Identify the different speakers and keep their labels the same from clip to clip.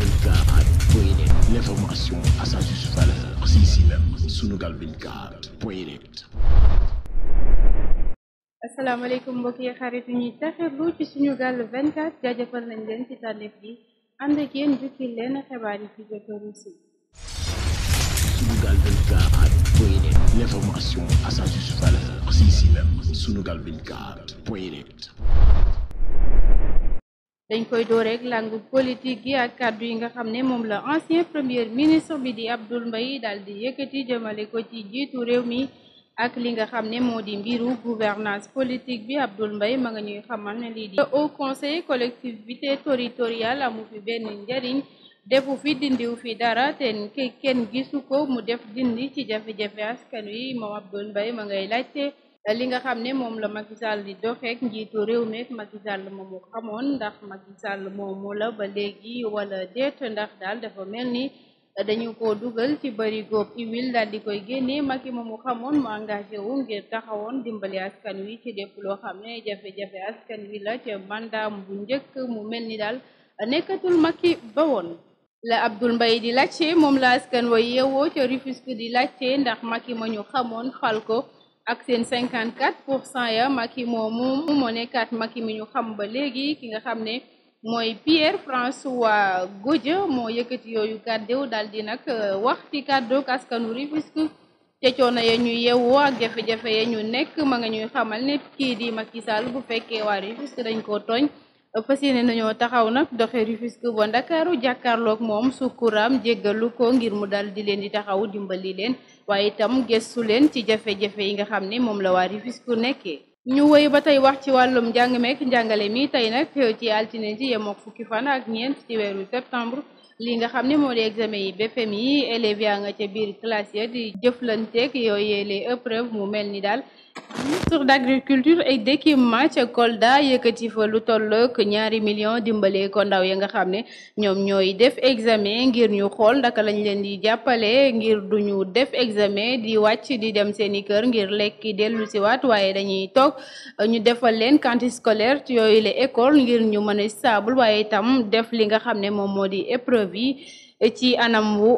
Speaker 1: 24 point net l'information à sa juste valeur si si même Sunugal 24 point yi xarit ñuy taxirlu ci Sunugal 24 jaajëfal nañ leen ci tànneef bi ànd ak yéen jukki leen xibaar yi ci jotoru si Sunugal 24 point net l'information à sa juste valeur si si même Sunugal 24 point net dañ koy door rek langu politique gi ak kàddu yi nga xam ne moom la ancien premier ministre bi di Abdoul Mbaye daal di yëkkati jëmale ko ci jiitu réew mi ak li nga xam ne moo di mbiru gouvernance politique bi Abdoul Mbaye ma nga ñuy xamal ne lii di au conseil collectivité territoriale amu fi benn njariñ defu fi dindiw fi dara te kenn gisu ko mu def dindi ci jafe-jafe askan wi moom Abdoul Mbaye ma ngay laajte li nga xam ne moom la Macky Sall di doxeek njiitu réew meek Macky ma moomu xamoon ndax Macky Sall moomu la ba léegi wala déet ndax daal dafa mel ni dañu ko dugal ci bëri góob iwil daal di koy génnee Macky moomu xamoon mu engagé wu ngir taxawoon dimbali askan wi ci lépp loo xam ne jafe-jafe askan wi la ca mandat bu njëkk mu mel ni daal nekkatul maki ba woon la Abdoul Mbaye di laajte moom la askan wa yeewoo ca Rufisque di laajte ndax Macky ma ñu xamoon fal ko ak seen cinquante 54 pour cent ya Macky moomu moo nekkaat maki mi ñu xam ba léegi ki nga xam ne mooy Pierre François Godié moo yëkkati yooyu kàddew daal di nag euh, wax ci kàddu askanu Rufisque te coono ya ñuy yewwu ak jafe-jafe ya ñu nekk ma nga ñuy xamal ne kii di Macky Sall bu fekkee waa Rufisque dañ koo tooñ fas yéene nañoo taxaw nag doxe Rufisque ba Ndakaaru jàkkaarloog moom sukkuraam jéggalu ko ngir mu dal di leen di taxaw dimbali leen waaye itam gëstu leen ci jafe-jafe yi nga xam ne moom la waa Rufisque nekkee ñu wéy ba tey wax ci wàllum njàng meek njàngale mi tey nag euh, ci altine ji yemook fukki fan ak ñeent ci weeru septembre li nga xam ne moo di examen yi BFEM yi élèves yaa nga ca biir classe ya di jëflanteeg yooyee les épreuves mu mel ni daal ministre d'agriculture et d'équipement ca Kolda yëkkati fa lu tollook ñaari million dimbale ko ndaw ya nga xam ne ñoom ñooy def examen ngir ñu xool ndaka lañ leen di jàppale ngir duñu def examen di wàcc di dem seeni kër ngir lekki dellu siwaat Euh, ñu defal leen cantine scolaire ci yooyu la école ngir ñu mën a stable waaye itam def li nga xam ne moom moo di épreuve yi ci anam wu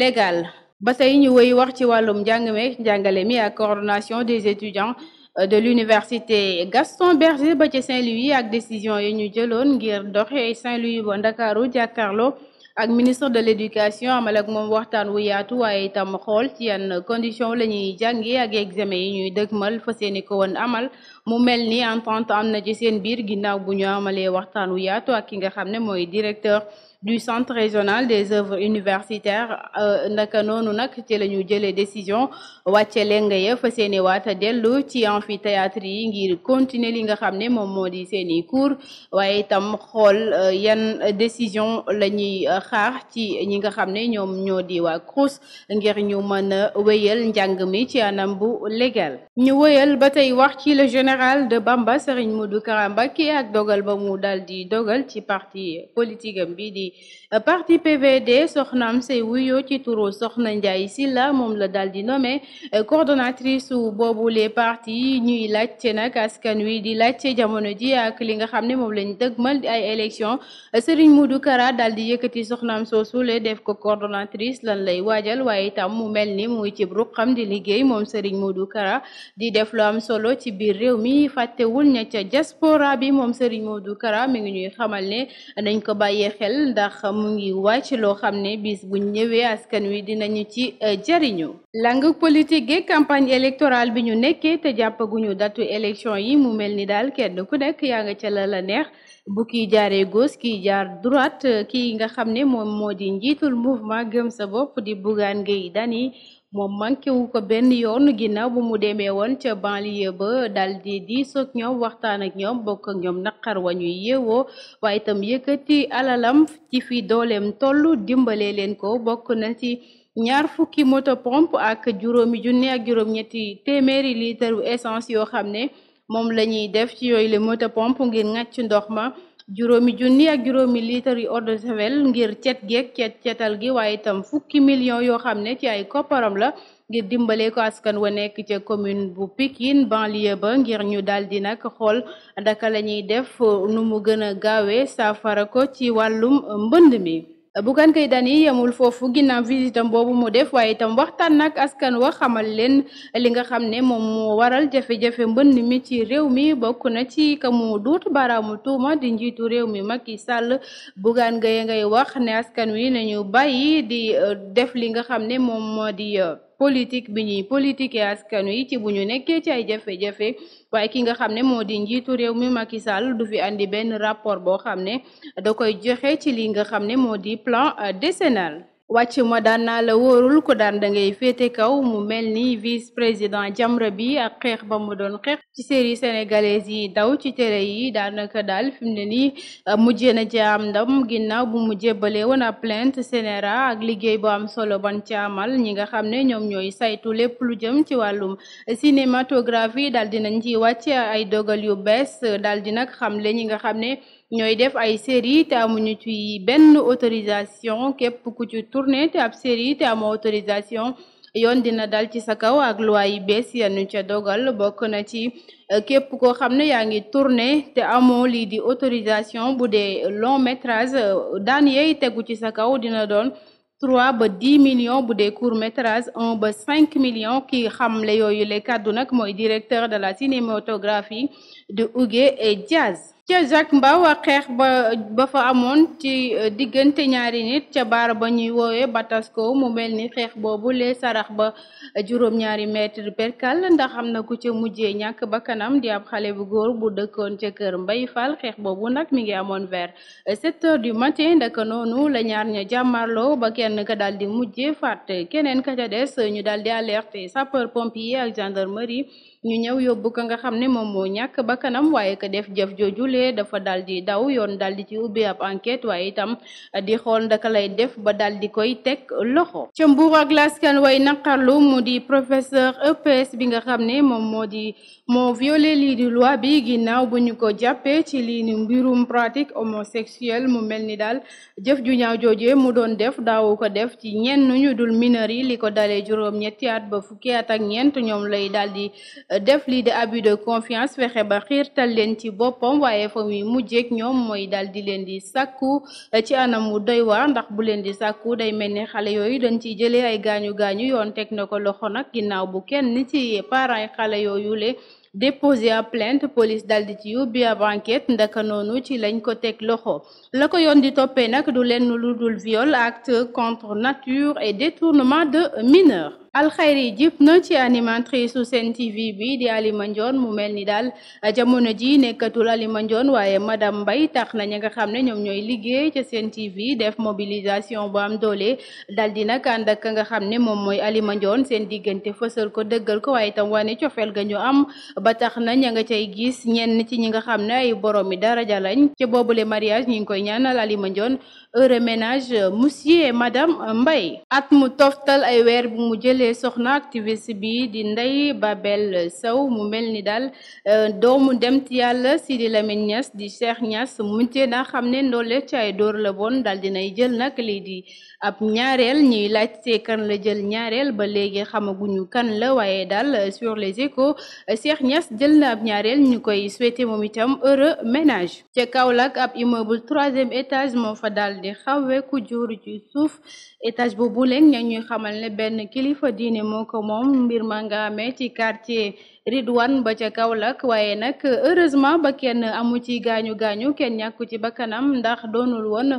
Speaker 1: légal ba yi ñu woy wax ci wàllum njàng me njàngale mi ak coordination des étudiants euh, de l'université Gaston Berger ba ci Saint-Louis ak décision yi ñu jëloon ngir doxe Saint-Louis ba Ndakaaru jàkkaarloo ak ministre de l'éducation amal ak moom waxtaan wu yaatu waaye itam xool ci yan condition la ñuy jàngee ak examen yi ñuy dëgmal fas yéene ko woon amal mu mel ni entente am na ci seen biir ginnaaw bu ñu amalee waxtaan wu yaatu ak ki nga xam ne mooy directeur du centre régional des œuvres universitaires euh, naka noonu nag ci la ñu jëlee décision wàcce lenga ya fa seeni waata dellu ci amphithéâtre yi ngir continuer li nga xam ne moom moo di seeni cours waaye itam xool euh, yan décision la ñuy euh, xaar ci ñi nga xam ne ñoom ñoo di waa CROUS ngir ñu mën a wéyal njàng mi ci anam bu légal ñu wéyal ba tey wax ci le général de Bamba Serigne Modou Kara Mbacké ak dogal ba mu daal di dogal ci parti politique am bii di parti soxna soxnaam say wuyoo ci turu Soxna Ndiaye Sylla moom la daal di nommé euh, coordonnatrice su boobu les yi ñuy laajte nag askan wi di laajte jamono ji ak li nga xam ne moom lañ dëgmal di ay élection Serigne Modou Kara daal di yëkkati soxnaam soosu le def ko coordonnatrice lan lay waajal waaye itam mu mel ni mu ngi ci ruqam di liggéey moom Serigne Modou Kara di def lu am solo ci mi fàttewul ña ca diaspora bi moom Serigne du Kara mi ngi ñuy xamal ne nañ ko bàyyee xel ndax mu ngi wàcc loo xam ne bis buñ ñëwee askan wi dinañu ci euh, jariñu langue politique ge campagne électorale bi ñu nekkee te jàppaguñu datu élection yi mu mel ni daal kenn ku nekk yaa nga ca la la neex bu kii jaaree gos kii jaar droite kii nga xam ne moom moo di njiitul mouvement gëm sa bopp di Bougane Gueye Dany moom manqué wu ko benn yoon ginnaaw bu mu demee woon ca banlieue ba daal di diisoog ñoom waxtaan ak ñoom bokkak ñoom naqar wa ñuy yeewoo waaye itam yëkkati alalam ci fi doolem toll dimbalee leen ko bokk na ci ñaar fukki moto pompe ak juróomi junne ak juróom-ñetti téeméeri litre essence yoo xam ne moom la ñuy def ci yooyu le moto pompe ngir ŋàcc ndox ma. juróomi junni ak juróomi litre yi eau ngir cet geeg cet cetal gi waaye itam fukki millions yoo xam ne ci ay kopparam la ngir dimbale ko askan wa nekk ca commune bu Pikine banlieue ba ngir ñu daal di nag xool ndaka lañuy ñuy def nu mu gën a gaawee saafara ko ci wàllum mbënd mi. Bougane daan yi yemul foofu ginnaaw visitam boobu moo def waaye itam waxtaan nag askan wa xamal leen li nga xam ne moom moo waral jafe-jafe mbënn mi ci réew mi bokk na ci ka mu duut baaraamu tuuma di njiitu réew mi Macky Sall Bougane Gueye ngay wax ne askan wi nañu bàyyi di euh, def li nga xam ne moom moo di. Euh, politique bi ñuy politique askan wi ci bu ñu nekkee ci ay jafe-jafe waaye ki nga xam ne moo di njiitu réew mi Macky Sall du fi andi benn rapport boo xam ne da koy joxe ci li nga xam ne moo di plan décennal wàcc ma daan naa la wóorul ko daan da ngay féete kaw mu mel ni vice président Jamra bi ak xeex ba mu doon xeex ci série sénégalaise yi daw ci télé yi daanaka daal fi mu ne nii euh, mujjee na ci am ndam ginnaaw bu mu jébbalee woon a plainte CNRA ak liggéey bu am solo ban ci amal ñi nga xam ne ñoom ñooy saytu lépp lu jëm ci wàllum cinématographie daal dinañ ci wàcc ay dogal yu bees daal di nag xamle ñi nga xam ne. ñooy def ay série te amuñu ci benn autorisation képp ku ci tourné te ab série te amoo autorisation yoon dina dal ci sa kaw ak loi yi bees yanu ca dogal bokk na ci euh, képp koo xam ne yaa ngi tourné te amoo lii di autorisation bu dee long métrage euh, daan yey tegu ci sa kaw dina doon trois ba dix millions bu dee court métrage un ba cinq millions ki xamle yooyu le kàddu nag mooy directeur de la cinématographie de Hugues et Diaz ca Zac Mbao xeex ba bafa amoon ci euh, diggante ñaari nit ca baara ba ñuy woowee Batasco mu mel ni xeex boobu lee sarax ba juróom-ñaari mètre perkal ndax am na ku ca mujjee ñàkk ba kanam di ab xale bu góor bu dëkkoon ca kër Mbay Fall xeex boobu nag mi ngi amoon vers euh, sept heures du matin ndaka noonu la ñaar ña jàmmarloo ba kenn ka daal di mujjee fàtt keneen ka ca des ñu daal di alerter sapeur pompier ak gendarmerie ñu ñëw yóbbu ko nga xam ne moom moo ñàkk ba waaye ka def jëf jooju loolee dafa daal di yoon daal di ci ubbi ab enquête waaye itam di xool ndaka lay def ba daal di koy teg loxo ca Mbuur ak laskan way naqarlu mu di professeur EPS bi nga xam ne moom moo di moo violé lii di loi bi ginnaaw bu ñu ko jàppee ci lii ni mbirum pratique homosexuelle mu mel ni daal jëf ju ñaaw joojee mu doon def daaw ko def ci ñenn ñu dul mineur yi li ko dalee juróom ñetti at ba fukki at ak ñeent ñoom lay daal def lii di abus de confiance fexe ba waaye fa muy mujjeeg ñoom mooy daal di leen di sakku eh, ci anam wu doy waar ndax bu leen di sakku day mel ne xale yooyu dañ ciy jëlee ay gaañu gaañu yoon teg na ko loxo nag ginnaaw bu kenn ci parent xale yooyu le déposé à plainte police daldi ci yóbbi ab enquête ndaka noonu ci lañ ko teg loxo la ko yoon di toppee nag du lenn lu dul viol acte contre nature et détournement de mineur alxayri jip na ci animatrice su Sen TV bi di Alima Ndione mu mel ni daal jamono ji nekkatul Alima Ndione waaye madame mbay tax na ña nga xam ne ñoom ñooy liggéey ca Sen TV def mobilisation bu am doole dal di nag ànd ak nga xam ne moom mooy Alima Ndione seen diggante fësal ko dëggal ko waaye itam wane cofeel ga ñu am ba tax na ña nga cay gis ñenn ci ñi nga xam ne ay borom mi daraja lañ ca boobule mariage ñu ngi koy ñaanal Alima Ndione heureux ménage monsieur et madame mu toftal gisee soxna activiste bi di Ndeye Babel Sow mu mel ni daal euh, doomu dem ci yàlla Sidi Lamine Niass di Cheikh ñas mu cee daa xam ne ndoole ci ay dóor la bon daal dinay jël nag lii di ab ñaareel ñuy laajte kan la jël ñaareel ba léegi xamaguñu kan la waaye daal euh, sur les échos euh, Cheikh Niass jël na ab ñaareel ñu koy souhaité moom itam heureux ménage ca Kaolack ab immeuble troisième étage moo fa dal di xawwe ku jóoru ci suuf étage boobu leen ña ñuy xamal ne benn kilifa diine moo ko moom mbir ma nga amee ci quartier Ridwan ba ca Kaolack waaye nag heureusement ba kenn amu ci gaañu gaañu kenn ñàkku ci bakkanam ndax doonul woon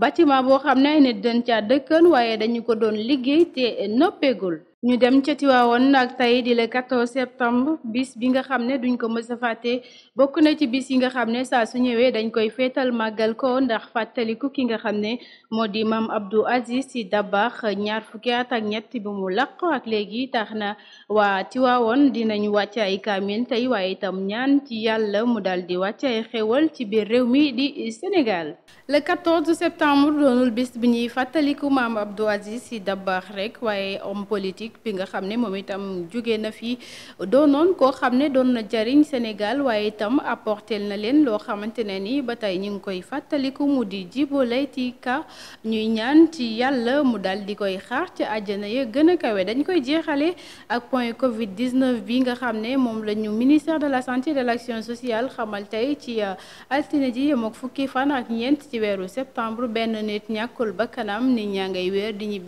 Speaker 1: bâtiment boo xam ne ay nit dañ caa dëkkan waaye dañu ko doon liggéey te noppeegul ñu dem ca Tiwaawoon ak tey di le 14 septembre bis bi nga xam ne duñ ko mës fàtte bokk na ci bis yi nga xam ne saa su ñëwee dañ koy féetal màggal ko ndax fàttaliku ki nga xam ne moo di maam Abdou Aziz Sy Dabakh ñaar fukki at ak ñett bi mu laq ak léegi tax na waa Tiwaawoon ñu wàcc ay kaamil tey waaye itam ñaan ci yàlla mu dal di wàcc ay xéwal ci biir réew mi di Sénégal. le 14 septembre doonul bis bi ñuy fàttaliku maam Abdou Aziz Sy Dabakh rek waaye homme politique bi nga xam ne moom itam jóge na fi doonoon koo xam ne doon na jariñ Sénégal waaye itam apporter na leen loo xamante ne ni ba tey ñu ngi koy fàttaliku mu di Djibo Leyti Ka ñuy ñaan ci yàlla mu daal di koy xaar ci àjjana ya gën a kawe dañ koy jeexale ak point Covid 19 bi nga xam ne moom la ñu ministère de la santé et de l'action sociale xamal tey ci euh, altine ji yem ak fukki fan ak ñeent ci weeru septembre benn nit ñàkkul bakkanam nit ñaa ngay weer di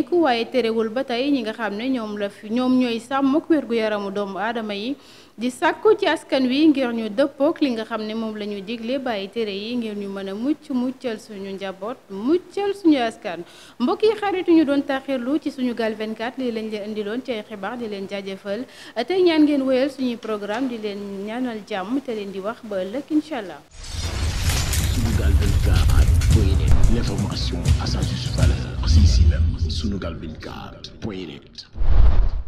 Speaker 1: nemmeeku waaye terewul ba tey ñi nga xam ne ñoom la fi ñoom ñooy sàmm ak yaramu doomu aadama yi di sàkku ci askan wi ngir ñu dëppook li nga xam ne moom la ñu digle bàyyi tere yi ngir ñu mën a mucc muccal suñu njaboot muccal suñu askan mbokk yi xaritu ñu doon taxirlu ci suñu gaal 24 lii lañ leen indiloon ci ay xibaar di leen jaajëfal tey ñaan ngeen wéyal suñuy programme di leen ñanal jàmm te leen di wax ba ëllëg incha allah. sunugal24 point net